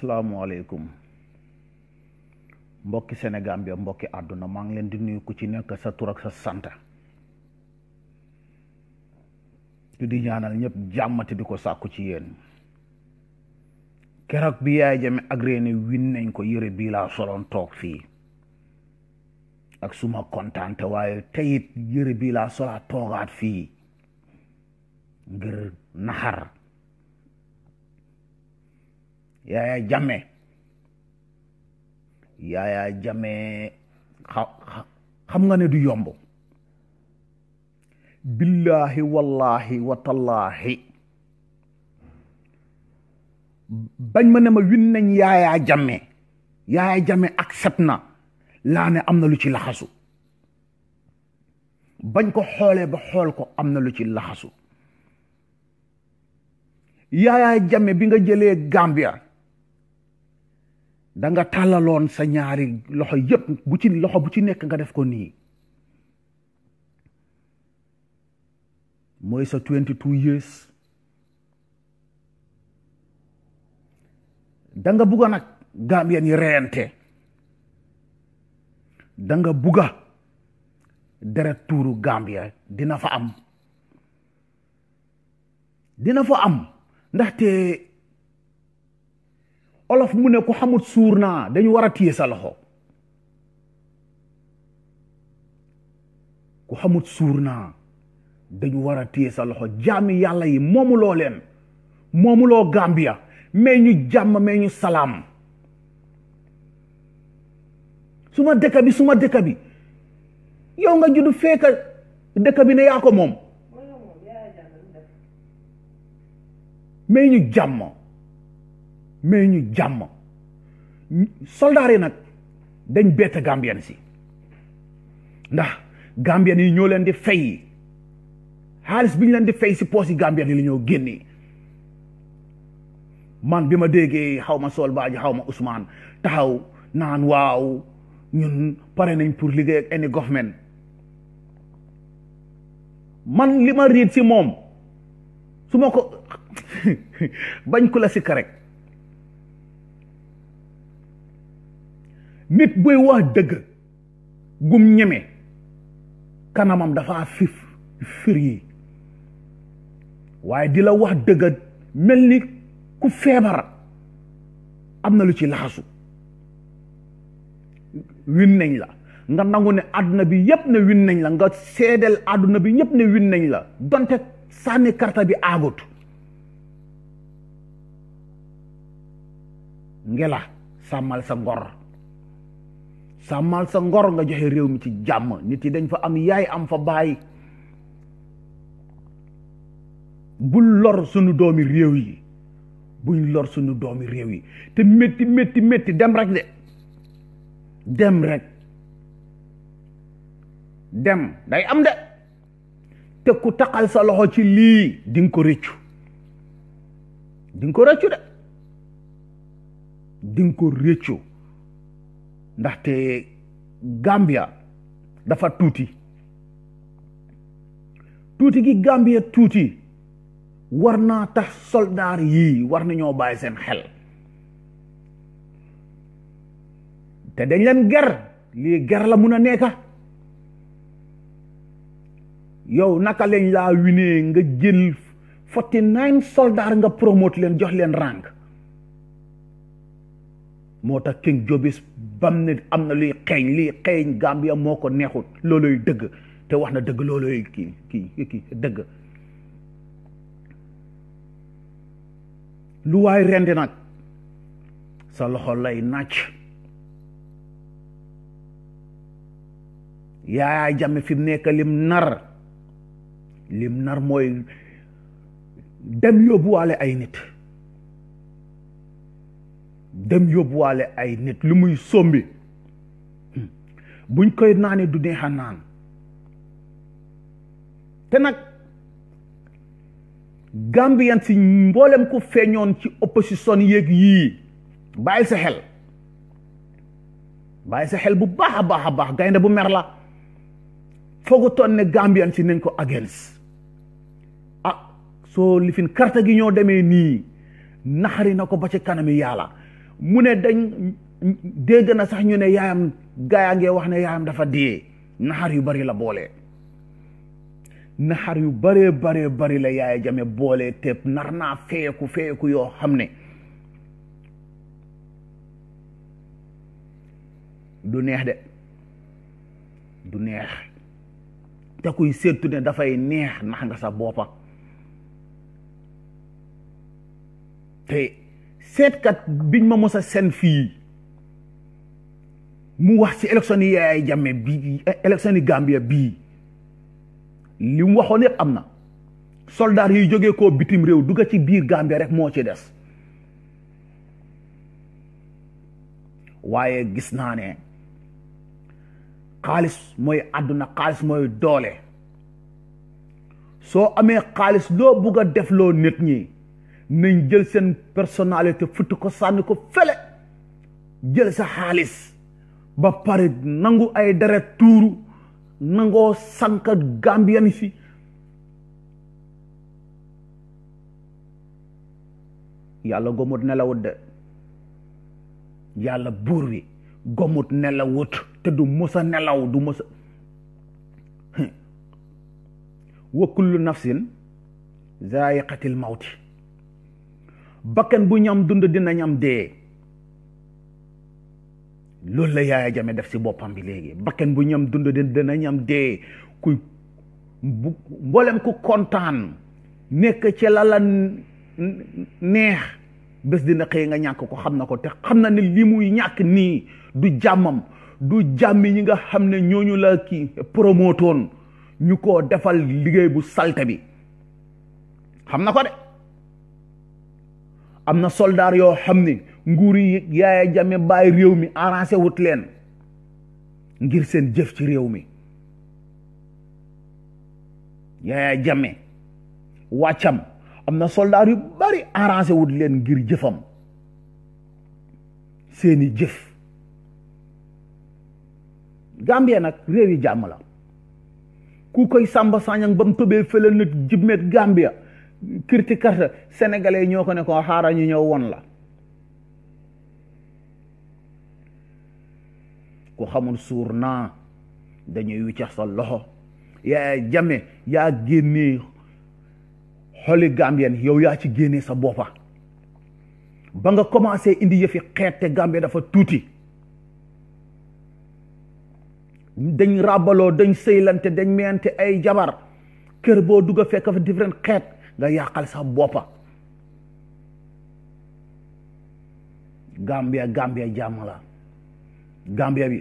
asalaamualeykum mbokki Sénégal bi mbokki àdduna maa ngi leen di nuyu ku ci nekk sa tur ak sa sant du di ñaanal ñëpp jàmmati di ko sàkku ci yéen keroog bi yaay jame ak reeni win nañ ko yëre bii laa soloon toog fii ak suma kontaante waaye teyit yëre bii laa solaa toogaat fii ngir naxar Yaya jame Yaya jame xam nga ne du yomb billaahi wallaahi watallaahi bañ ma ne ma win nañ Yaya Jammeh Yaya Jammeh na laa ne am na lu ci laxasu bañ ko xoolee ba xool ko am na lu ci laxasu Yaya Jammeh bi nga jëlee Gambia da nga tàllaloon sa ñaari loxo yépp bu ci loxo bu ci nekk nga def ko nii mooy sa danga bugga nag Gambien yi reyante da nga bugga deret tuuru Gambia dina fa am dina fa am ndaxte olof mu ne ko xamut suur naa dañu war a téye sa loxo ku xamut suur naa dañu war a sa loxo jaami yàlla yi moomuloo leen moomuloo gambia mais ñu jàmm mais ñu salaam suma dëkk bi suma dëkk bi yow nga judd feeka dëkk bi ne yaa ko moom mais ñu mais ñu jàmm soldaar yi nag dañ bett gambien si ndax gambien yi ñoo leen di fay xaalis bi ñu leen di fay si poos yi gambien yi li ñoo génnee man bi ma déggee xaw ma Sol Badji xaw ma Ousmane taxaw naan waaw ñun pare nañ pour liggéey ak government man li ma riit si moom su ma ko bañ ku la sikka rek nit buy wax dëgg gum ñeme kanamam dafa fif fir yi waaye di la wax dëgg mel ni ku feebar am na lu ci laxasu win nañ la nga nangu ne àdduna bi yépp ne win nañ la nga seedeel àdduna bi yépp ne win nañ la donte sànni karta bi aagut ngela sàmmal sa ngor sàmmal sa ngor nga joxe réew mi ci jàmm nit yi dañ fa am yaay am fa baay bu lor sunu doomi réew yi buñ lor sunu doomi réew yi te métti métti métti dem rek de dem rekk dem day am de te ku taqal sa loxo ci lii di ko rëccu di ko rëccu de di ko rëccu ndaxte Gambia dafa tuuti tuuti gi Gambia tuuti war naa tax soldaar yii war nañoo bàyyi seen xel te dañ leen ger lii ger la mun a nekka yow naka lañ laa winee nga jël forty nine soldaar nga promote leen jox leen ràng moo tax King Jobis bam ne am na luy xeeñ liy xeeñ Gambia moo ko neexut looloy dëgg te wax na dëgg looloy kii kii kii dëgg lu waay rendi nag sa loxo lay nàcc yaayaa jàmme fi mu nekk lim nar lim nar mooy dem yóbbuwaale ay nit dem yóbbuwaale ay nit lu muy sombi buñ koy naanee du neex a naan te nag Gambien si mboolem ku feeñoon ci opposition yéeg yii bàyyi sa xel bàyyi sa xel bu baax a baax a baax gaynde bu mer la foogutoon ne Gambien si nañ ko against a ah, soo lifin carte gi ñoo demee nii naxari na ko ba ci kanami yàlla mu ne dañ dégg na sax ñu ne yaayam gaayaa ngee wax ne yaayam dafa dee naxar yu bari la boole naxar yu baree bari bari la yaay jame boole te nar naa feeku feeku yoo xam ne du neex de du neex te kuy seetu ne dafay neex nax nga sax boppa te seetkat biñ ma mos a seen fii mu wax ci élection yi Yaya bi bii élection bii li mu waxoon yëpp am na soldaar yuy jóge koo bitim réew dugga ci biir Gambia rek moo ci des waaye gis naa ne xaalis mooy àdduna xaalis mooy doole soo amee xaalis loo bugg a def loo nit ñi nañ jël seen personnalité futt ko sànni ko fele jël sa xaalis ba pare nangu ay deret tuuru nangoo sanka gambian si yàlla gomut nelawut de yàlla buur wi gomut nelawut te du musa nelaw du musa wa kullu nafsin zaiqatil mawti bakkan bu ñam dund dina ñam dee loolu la yaaya jame def si boppam bi léegi bakkan bu ñam dund dina ñam dee kuy mboolem ku kontaan nekk ci la la neex bés dina xëy nga ñàkk ko xam na ko te xam na ne li muy ñàkk nii du jàmmam du jàmmi ñi nga xam ne ñooñu la kii promotoon ñu ko defal liggéey bu salte bi xam na ko de am na soldaar yoo xam ni nguur yi yaaya jame bàyyi réew mi arrangé wut leen ngir seen jëf ci réew mi yaaya jame wàccam am na soldaar yu bari arrangé wut leen ngir jëfam seeni jëf Gambie nag réew yi jàmm la ku koy Samba Sagnang ba mu tëbee fële na jibmeet Gambia kirti karta sénégalais ñoo ko ne ko xaaral ñu ñëw won la ku xamul suur naa dañuy wiccax sa loxo yaa jame yaa génnee xoli gambien yow yaa ci génnee sa boppa ba nga commencé indi yëfi xeet te gambie dafa tuuti dañ ràbbaloo dañ sëylante dañ meyante ay jabar kër boo dugg a fekk fa différent xeet nga yàqal sa boppa Gambia Gambia jàmm la Gambia bi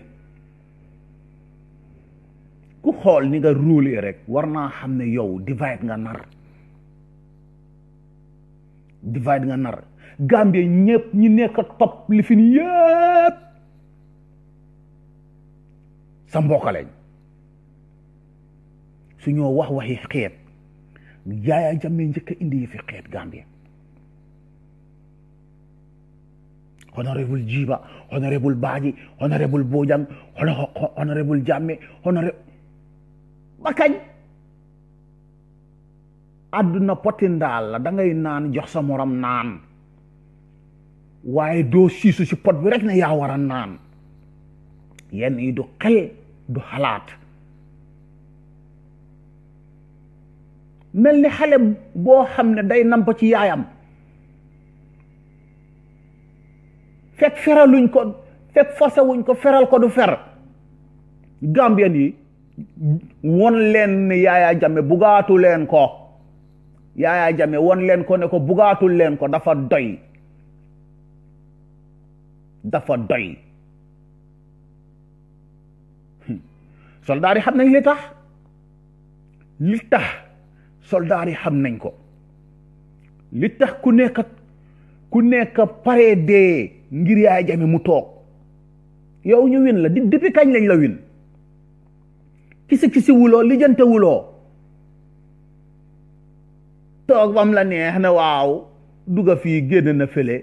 ku xool ni nga ruulee rek war naa xam ne yow divide nga nar divide nga nar Gambia ñëpp ñi nekk topp li fi ni yëpp sa mbokk lañ ñoo wax waxi xeet yaayaa jàmmee njëkk a indi yi fi xeet Gambia honorable Jiba honorable Baaji honorable Bojang honorable Jammeh honorable ba kañ àdduna poti ndaal la da naan jox sa morom naan waaye doo siisu si pot bi rek ne yaa war a naan yenn yi du xel du xalaat mel ni xale boo xam ne day namp ci yaayam fekk feraluñ ko fekk fasawuñ ko feral ko du fer gambien yi won leen ne yaaya jame bugaatu leen ko yaaya jame won leen ko ne ko bugaatul leen ko dafa doy dafa doy hmm. soldaar yi xam nañ li tax li tax soldaar yi xam nañ ko li tax ku nekk ku nekk pare dee ngir yaay jame mu toog yow ñu win la di depuis kañ lañ la win kisi kisi wuloo li jante wuloo toog bam la neex na waaw dugga fii génn na fële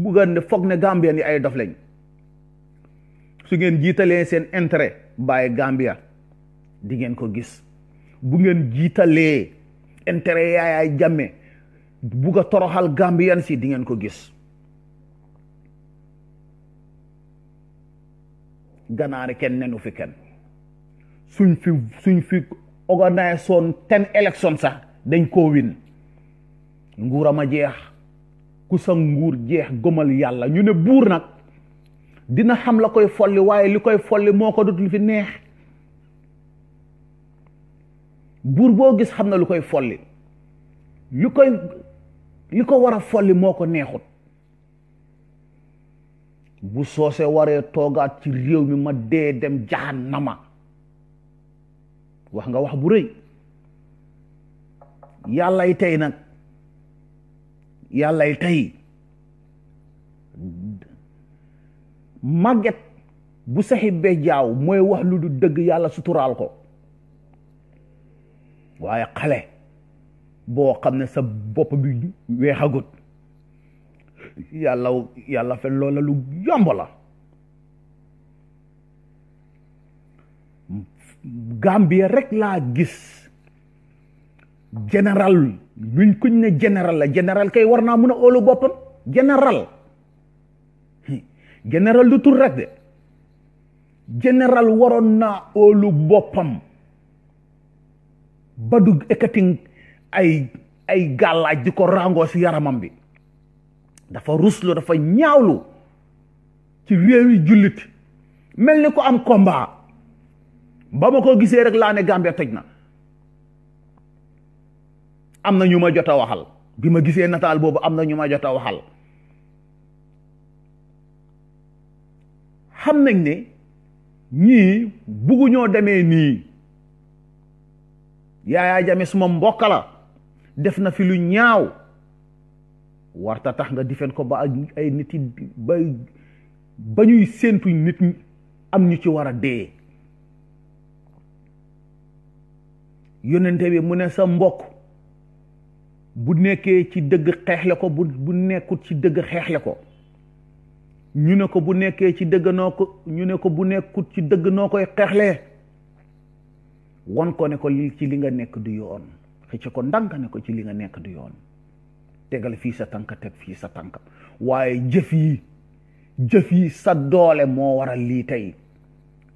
bugga ne foog ne Gambien yi ay dof lañ su ngeen jiitalee seen intérêt bàyyi Gambia di ngeen ko gis bu ngeen jiitalee intérêt yaaya jamme buga a toroxal gambian si di ngeen ko gis ganaari kenn nenu fi kenn suñ fi suñ fi organise son ten élection sax dañ ko win nguuram jeex ku sa nguur jeex gomal yàlla ñu ne buur nag dina xam la koy folli waaye li koy folli moo ko dut li fi neex buur boo gis xam na lu koy folli lu koy li ko war a folli moo ko neexut bu soose waree toogaat ci réew mi ma dee dem na ma wax nga wax bu rëy yàllay tey nag yàllay tey màgget bu saxi be jaaw mooy wax lu du dëgg yàlla suturaal ko waaye xale boo xam ne sa bopp bi weexagut yàlla yàlla fen loola lu yomb la Gambia rek laa gis général luñ kuñ ne général la général kay war naa mun a óolu boppam général général du tur rek de général waroon naa óolu boppam ba du ekkati ay ay gàllaaj di ko ràngoo si yaramam bi dafa ruslu dafa ñaawlu ci réewi jullit mel ni ko am combat ba ma ko gisee rek laa ne Gambia toj na am na ñu ma jot a waxal bi ma gisee nataal boobu am na ñu ma jot a waxal xam nañ ne ñii bugguñoo demee nii Yaya Jammeh suma mbokka la def na fi lu ñaaw warta tax nga difen ko ba ay nit yi ba ba ñuy séentu nit am ñu ci war a dee yónnente bi mu ne sa mbokk bu nekkee ci dëgg xeexle ko bu bu nekkut ci dëgg xeexle ko ñu ne ko bu nekkee ci dëgg noo ko ñu ne ko bu nekkut ci dëgg noo koy xeexlee won ko ne ko li ci li nga nekk du yoon xëcc ko ndànk ne ko ci li nga nekk du yoon tegal fii sa tànk teg fii sa tànk waaye jëf yi jëf yi sa doole moo waral lii tey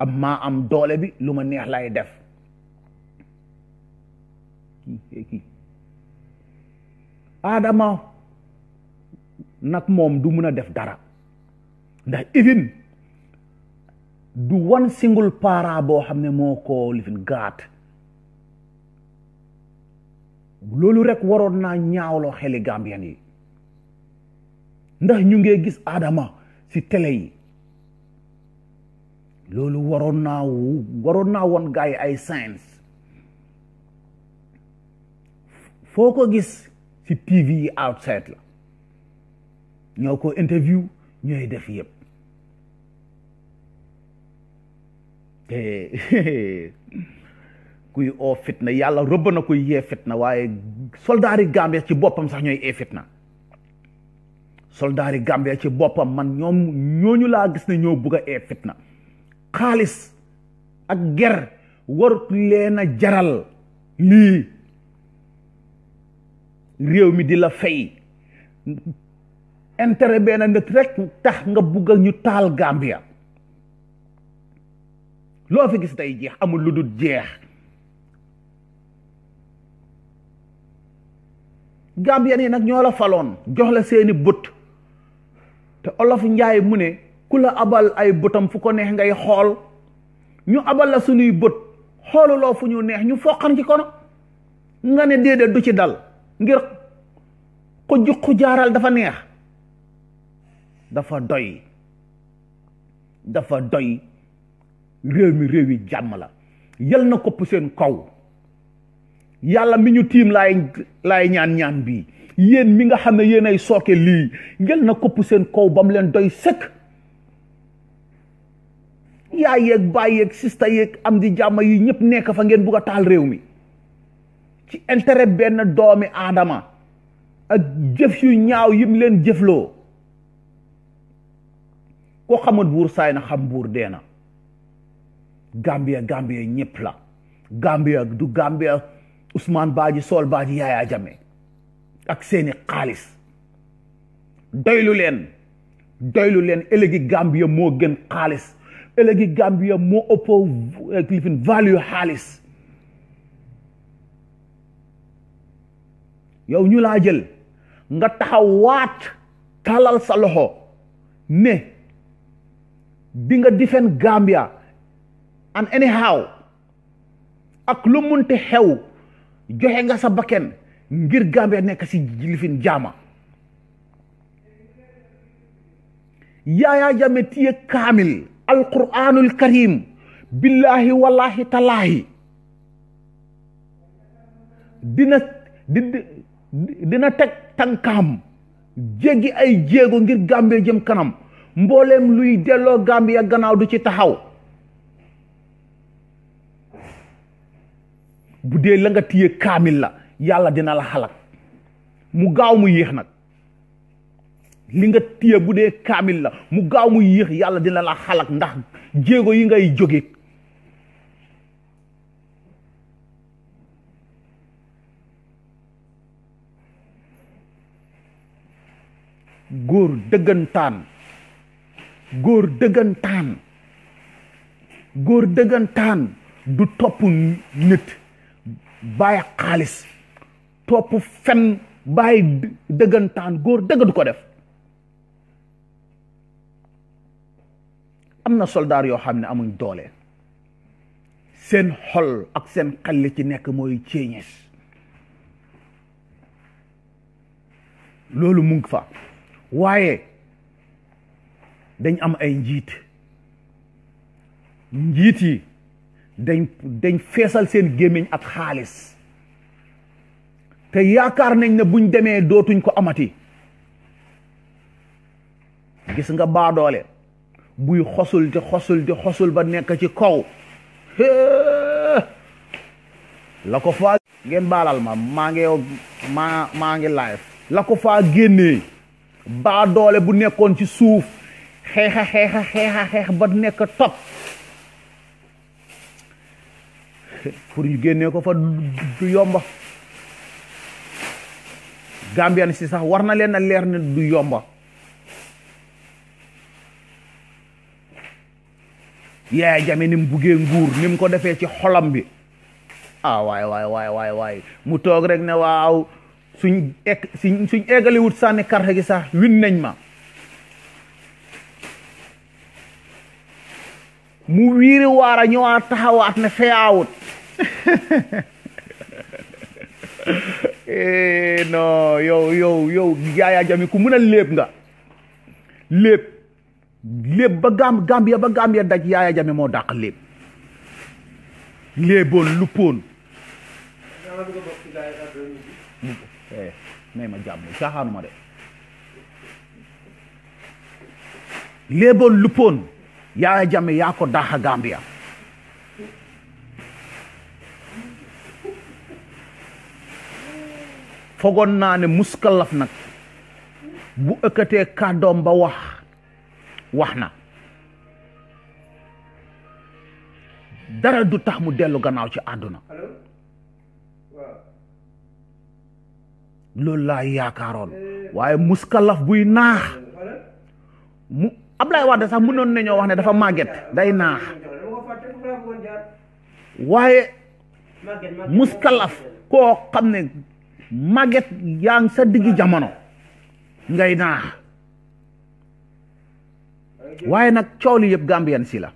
am maa am doole bi lu ma neex lay def aadama nag moom du mun a def dara ndax even du one single para boo xam ne moo ko lifin gaat loolu rek waroon naa ñaawloo xeli Gambian yi ndax ñu ngee gis aadama si télé yi loolu waroon naa waroon naa woon gars yi ay science foo ko gis si TV yi outside la ñoo ko interview ñooy def yëpp Eh, kuy o fitna yalla rëbb na kuy ye fitna waaye soldaari gambia ci bopam sax ñoy e fitna soldaari gambia ci bopam man ñom ñoñu la gis ne ñoo bugg e fitna khalis ak ger war leen jaral li rew mi di la fay intérêt benn nit rek tax nga bugg ñu taal gambia lo fi gis tay jeex amul lu jeex gambien yi nak ñoo la faloon jox la seeni but te olof njaay mu ne ku la abal ay butam fu ko neex ngay xool ñu abal la but, bët xooluloo fu ñu neex ñu foqan ci kono nga ne déedéet du ci dal ngir ko jukku jaaral dafa neex dafa doy dafa doy réew mi réew yi jàmm la yël na kopp seen kaw yàlla mi ñu tiim lay laay ñaan ñaan bii yéen mi nga xam ne yéen ay sooke lii yal na kopp seen kaw ba mu leen doy sëkk yaay yeeg baay yeeg sista yeeg am di jàmm yi ñëpp nekk fa ngeen bugg a taal réew mi ci intérêt benn doomi aadama ak jëf yu ñaaw yim leen jëfloo koo xamul buur saay na xam buur dee na Gambia Gambia ñëpp la Gambia du Gambia usmaan Badji Sol Badji Yaya Jammeh ak seeni xaalis doylu leen doylu leen ëllëgi Gambia moo gën xaalis ëllëgi Gambia moo ëppoo eh, lifin value xaalis yow ñu laa jël nga taxaw waat talal sa loxo ne di nga difen Gambia and anyhow ak lu munte xew joxe nga sa bakken ngir gambe nek ci lifin yaya jame tiye kamil alquranul karim billahi wallahi talahi dina dina tek tankam jegi ay jego ngir gambe jëm kanam mbollem luy delo gambe gannaaw du ci taxaw bu dee la nga téye kaamil la yàlla dina la xalak mu gaaw mu yéex nag li nga téye bu dee kaamil la mu gaaw mu yéex yàlla dina la xalak ndax jéego yi ngay jóge góor dëggantaan góor dëggantaan góor dëggantaan du topp nit bàyyi xaalis topp fen bàyyi dëggantaan góor dëgg du ko def am na soldaar yoo xam ne amuñ doole seen xol ak seen xel ci nekk mooy ceeñees loolu mu ngi fa waaye dañ am ay njiit njiit yi dañ feesal seen gémmiñ ak xaalis te yaakaar nañ ne buñ demee dootuñ ko amati gis nga baadoole buy xosul di xosul di xosul ba nekk ci kaw la ko faa ngeen baalal ma maa ngi maa maa ngi live la ko faa génnee doole bu nekkoon ci suuf xeexa xeexa xeexa xeex ba nekk topp pour ñu génnee ko fa du yomba gambian si sax war na leen a leer ne du yomba ya jame ni mu buggee nguur ni mu ko defee ci xolam bi ah waay waay waay waay waay mu toog rek ne waaw suñ ek suñ suñ wut sànni carte gi sax win nañ ma mu wiiri waara ñëwaat taxawaat ne feyaawut eh non yow yow yow Yaya Jammeh ku mën a léeb nga léeb léeb ba gam ba Gambia daj Yaya Jammeh moo dàq léeb léeboon lu poon eh, may ma jàmm caaxaanuma de léeboon lu poon Yaya Jammeh yaa ko dàq Gambia fogoon naa ne muskalaf nag bu ëkkatee kàddoom ba wax wax na dara du tax mu dellu gannaaw ci àdduna loolu laa yaakaaroon waaye muskalaf buy naax mu Ablaye Wade sax mënoon nañoo wax ne dafa màgget day naax waaye muskalaf koo xam ne màgget yaa ngi sa digg jamono ngay naax waaye nag coow li yëpp gambien si la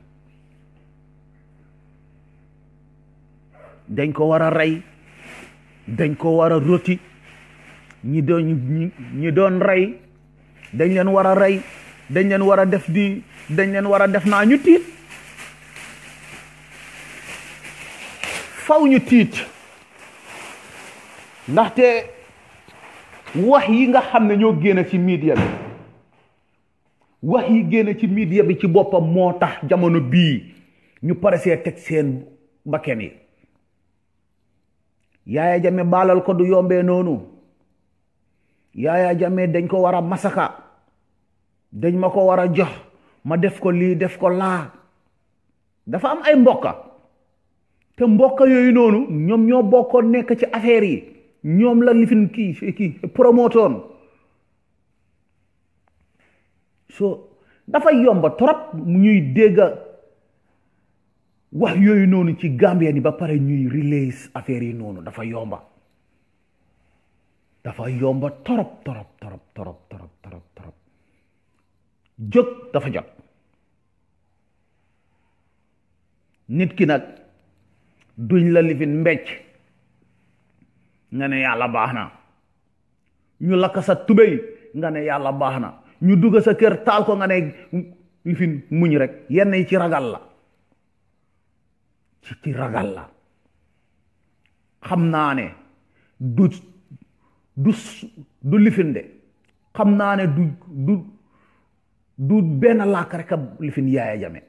dañ ko war a rey dañ ko war a roti ñi doon ñi doon rey dañ leen war a rey dañ leen war a def di dañ leen war a def naa ñu tiit faw ñu tiit ndaxte wax yi nga xam ne ñoo génn ci media bi wax yi génn ci media bi ci boppam moo tax jamono bii ñu pare see teg seen bakken yi yaaya jame baalal ko du yombee noonu yaaya jame dañ ko war a masaka dañ ma ko war a jox ma def ko lii def ko laa dafa am ay mbokka te mbokka yooyu noonu ñoom ñoo bokkoon nekk ci affaire yi ñoom la lifin kii kii promotoon so dafa yomba torop ñuy dégg wax yooyu noonu ci Gambia ni ba pare ñuy release affaire yi noonu dafa yomba dafa yomba torop torop torop torop torop torop torop jóg dafa jot nit ki nag duñ la lifin mbecc nga ya ya ne yàlla baax na ñu lakk sa tubey nga ne yàlla baax ñu dugg sa kër taal ko nga ne lifin muñ rek yenn yi ci ragal la ci ci ragal la xam naa ne du du du lifin de xam naa ne du du du benn làkk rek a lifin yaaya jame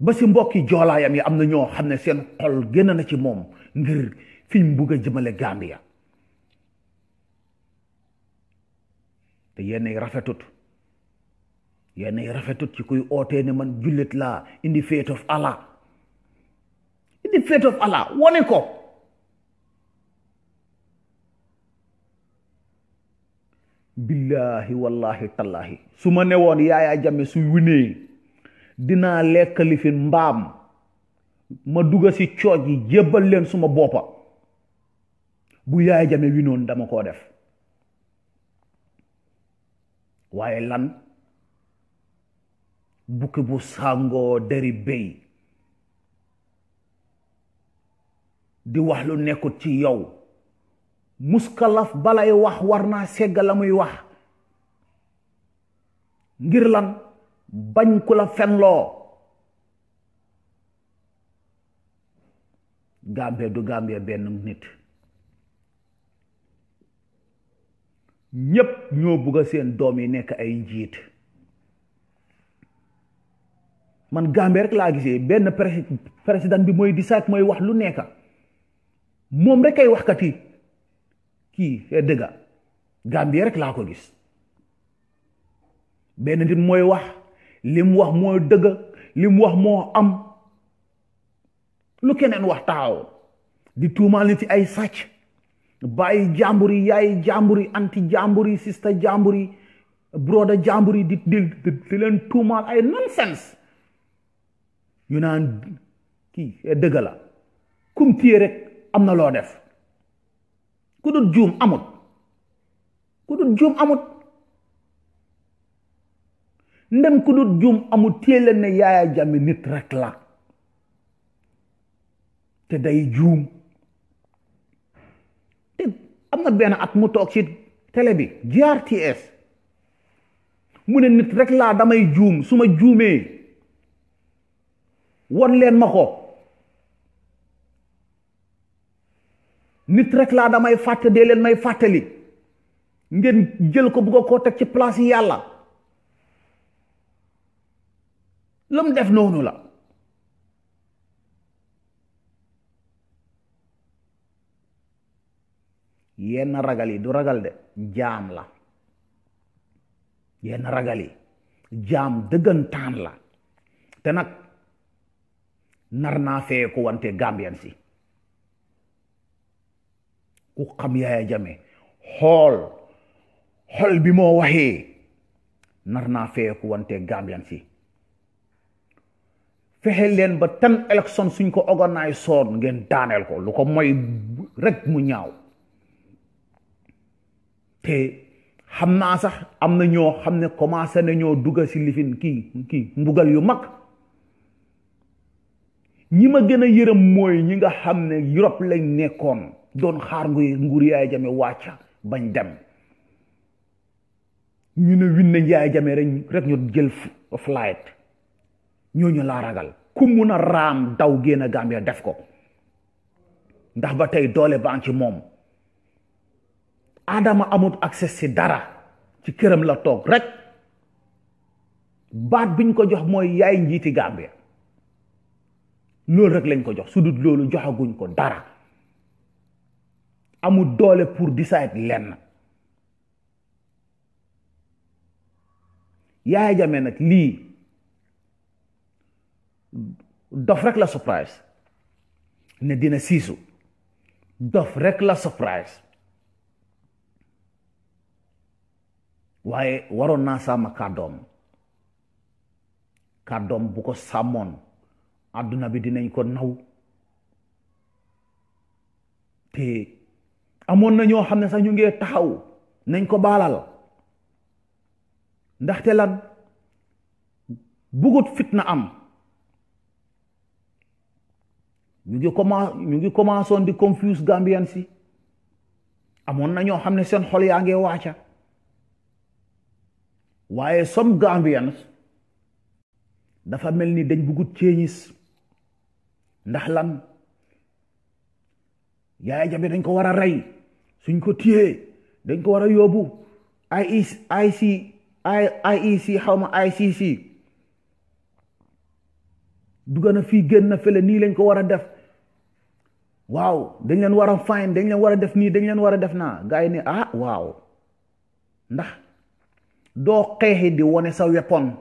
ba si mbokki joolaayam yi am na ñoo xam ne seen xol génn na ci moom ngir fi mu bugg a jëmale Gambia te yenn yi rafetut yenn yi rafetut ci kuy ootee ne man jullit laa in the of Allah in the of Allah wone ko billaahi wallahi tallahi su ma newoon Yaya Jammeh su winee dinaa lekk lifin mbaam ma duga si cioj yi jébbal leen suma boppa bu yaay jame wi noonu dama koo def waaye lan bukki bu dari béy di wax lu nekkut ci yow muskalaf balay wax warna naa segga la muy wax ngir lan bañ ku la Gambie du Gambie benn nit ñépp ñoo bugg seen doom yi nekk ay njiit man Gambie rek laa gisee benn président bi mooy di saak mooy wax lu nekka moom rek ay waxkati kii fee eh, dëgga Gambie rek laa ko gis benn nit mooy wax li wax moo dëgg li wax moo am lu keneen waxtaaw di tuumaal nit ci ay sàcc bàyyi jàmbur yi yaayi jàmbur yi anti jàmbur yi sista jàmbur yi broda jàmbur yi di di di leen tuumaal ay nonsense ñu naan kii eh, dëgg la kum téye rek am na loo def ku dul juum amut ku dul juum amut ndem ku dul juum amut téye leen ne yaaya jàmmi nit rek la te day juum te am na benn at mu toog ci télé bi GRTS mu ne nit rek laa damay juum su ma juumee won leen ma ko nit rek laa damay fàtte dee leen may fàttali ngeen jël ko bugg koo teg ci place yi yàlla lu mu def noonu la yenn ragal yi du ragal de jaam la yenn ragal yi jaam dëggantaan la te nag nar naa wante gambian si ku xam yaaya jame xool xol bi moo waxee nar naa wante gambian si Fehel leen ba tan election suñ ko organize soon ngeen daaneel ko lu ko moy rek mu ñaaw te xam naa sax am na ñoo xam ne commencé nañoo dugg ci lifin kii kii mbugal yu mag ñi ma gën a yërëm mooy ñi nga xam ne Europe lañ nekkoon doon xaar ngu nguur yaay jame wàcca bañ dem ñu ne win nañ yaay jame rek ñu jël flight ñu laa ragal ku mun a raam daw génn Gambia def ko ndax ba tey doole baa ngi ci moom Adama amut accès si dara ci këram la toog rek baat biñ ko jox mooy yaay njiiti gaab Gambia loolu rek lañ ko jox su dut loolu joxaguñ ko dara amul doole pour décide lenn yaay jame nag lii dof rek la surprise ne dina siisu dof rek la surprise waaye waroon nasa sàmm kàddoom kàddoom bu ko sàmmoon àdduna bi dinañ ko naw te amoon na ñoo xam ne sax ñu ngee taxaw nañ ko baalal bugut fitna am ñu ngi commencé ñu ngi commencé di confuse Gambian si amon na ñoo xam ne seen xol yaa waaye some Gambians dafa mel ni dañ buggut ceeñis ndax lan Yaya Jammeh dañ ko war a rey suñ ko téyee dañ ko war a yóbbu IEC IEC e xaw ma ICC dugg na fii génn na fële nii lañ ko war a def waaw dañ leen war a fine dañ leen war a def nii dañ leen war a def naa gars yi ne ah waaw ndax Do xeexi di wone sa weapon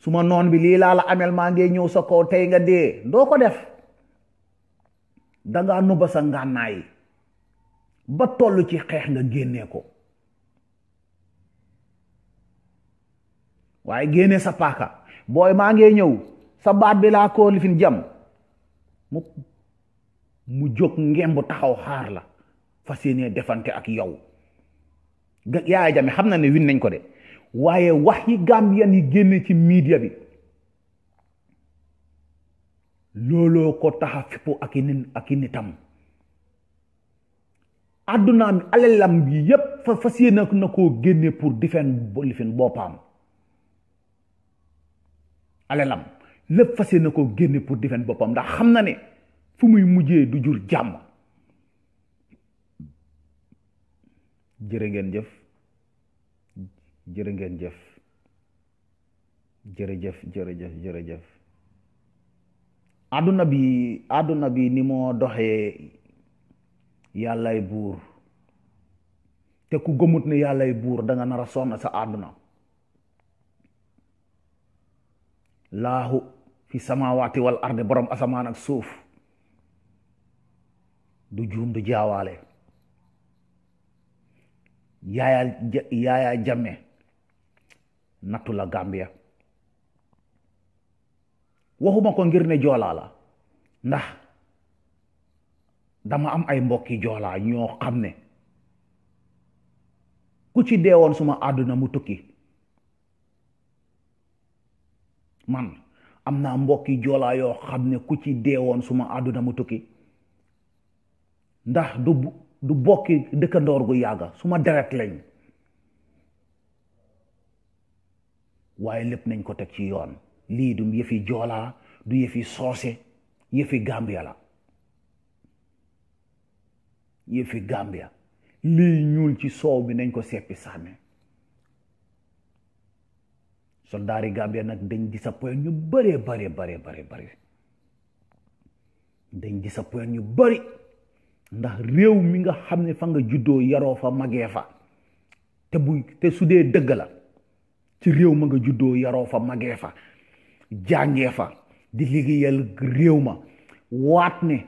suma non bi lii laa la amel maa ngee ñëw sa kaw tey nga dee doo ko def danga nuba sa ngànnaay ba toll ci xeex nga génnee ko waaye génne sa paaka booy maa ngee ñëw sa baat bi laa koo lifin jam mu mu jóg ngemb taxaw xaar la fas defante ak yow Yaya Jammeh xam na ne win nañ ko de waaye wax yi Gambien yi génne ci media bi looloo ko taxa fippu ak i nit ak i nitam àdduna mi alalam bi yépp fa fas na koo génne pour difen lifin boppam alalam lépp fas yéene na koo génne pour difen boppam ndax xam na ne fu muy mujjee du jur jàmm jërë ngeen jëf jërë ngeen jëf jëf Jeff, jëf Jeff. bi aduna bi ni moo doxee yàllay buur te ku gëmut ne yàllay buur da nga nara sonn sa aduna laahu fi samawati wal arde borom asamaan ak suuf du juum du jaawaale Yaya Yaya Jammeh nattu la Gambia waxuma ko ngir ne joolaa la ndax dama am ay mbokki joolaa ñoo xam ne ku ci deewoon suma àdduna mu tukki man am naa mbokki joolaa yoo xam ne ku ci deewoon suma àdduna mu tukki ndax du du bokki dëkkandoor gu yàgg su ma deret lañ waaye lépp nañ ko teg ci yoon lii du yëfi joolaa du yëfi soose yëfi Gambia la yëfi Gambia lii ñuul ci soow bi nañ ko seppi sàmme soldaari Gambia nag dañ disappoint ñu bare bare bare bare bare dañ disappoint ñu bari ndax réew mi nga xam ne fa nga juddoo yaroo fa magee fa te bu te su dee dëgg la ci réew ma nga juddoo yaroo fa magee fa jàngee fa di liggéeyal réew ma waat ne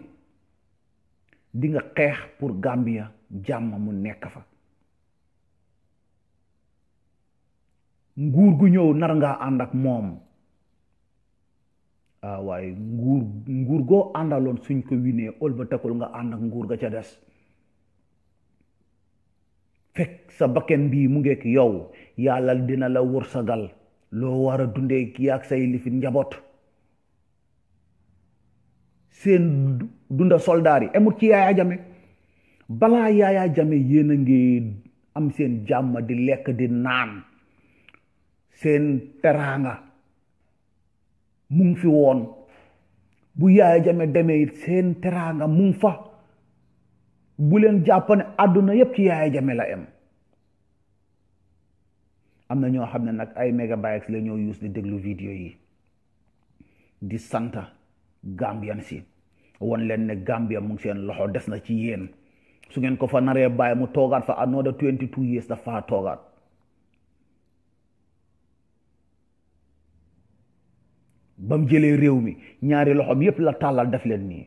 dinga xeex pour gàmbiya jàmm mu nekk fa nguur gu ñëw nar ngaa ànd ak moom Ah, waaye nguur nguur goo àndaloon suñ ko winee ol ba nga ànd ak nguur ga ca des fekk sa bakken bii mu ngeek yow yàlla dina la wërsagal loo war a dundee yaag say lifin njaboot seen dunda soldaar yi emut ci yaaya jame balaa yaaya jame yéen ngi am seen jàmm di lekk di naan seen teraanga mu ngi fi woon bu yaaya jame deme it seen teraanga mu ngi fa bu leen jàpp ne àdduna yépp ci yaaya jame la em am na ñoo xam ne nag ay megabytes la ñoo use di déglu vidéo yi di santa gambian si won leen ne gambia mu seen loxo des na ci yéen su ngeen ko fa naree bàyyi mu toogaat fa another twenty two years dafa toogaat ba mu jëlee réew mi ñaari loxoom yépp la tàllal def leen nii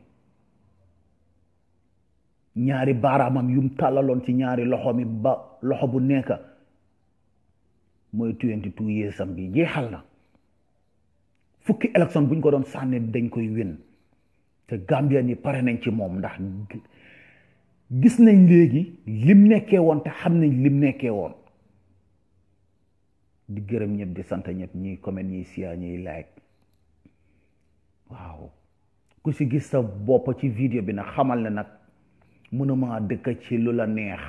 ñaari baaraamam yum tàllaloon ci ñaari loxo mi ba loxo bu nekk mooy twenty-two yeesam bi jeexal na fukki élection buñ ko doon sànni dañ koy win te Gambien yi pare nañ ci moom ndax gis nañ léegi lim nekkee woon te xam nañ lim nekkee woon di gërëm ñëpp di sant ñëpp ñi comment ñi siyaa ñiy like waaw ku si gis sa bopp ci vidéo bi nag xamal ne nag mënuma dëkk ci lu la neex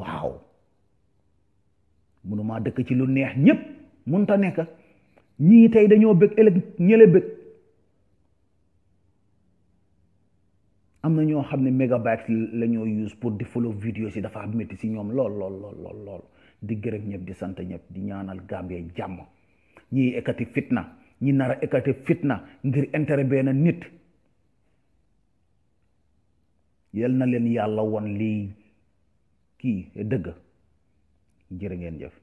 waaw mënuma dëkk ci lu neex ñépp munta nekk ñii tey dañoo bëgg ëllëg ñële bëgg am na ñoo xam ne mégabytes la ñoo use pour di follow si dafa métti si ñoom lool lool lool di gërëm ñëpp di sant ñëpp di ñaanal Gambie jàmm ñii ekkati fitna ñi nar a ekkati fitna ngir intérêt benn nit yal na leen yàlla woon lii kii dëgg jërë ngeen jëf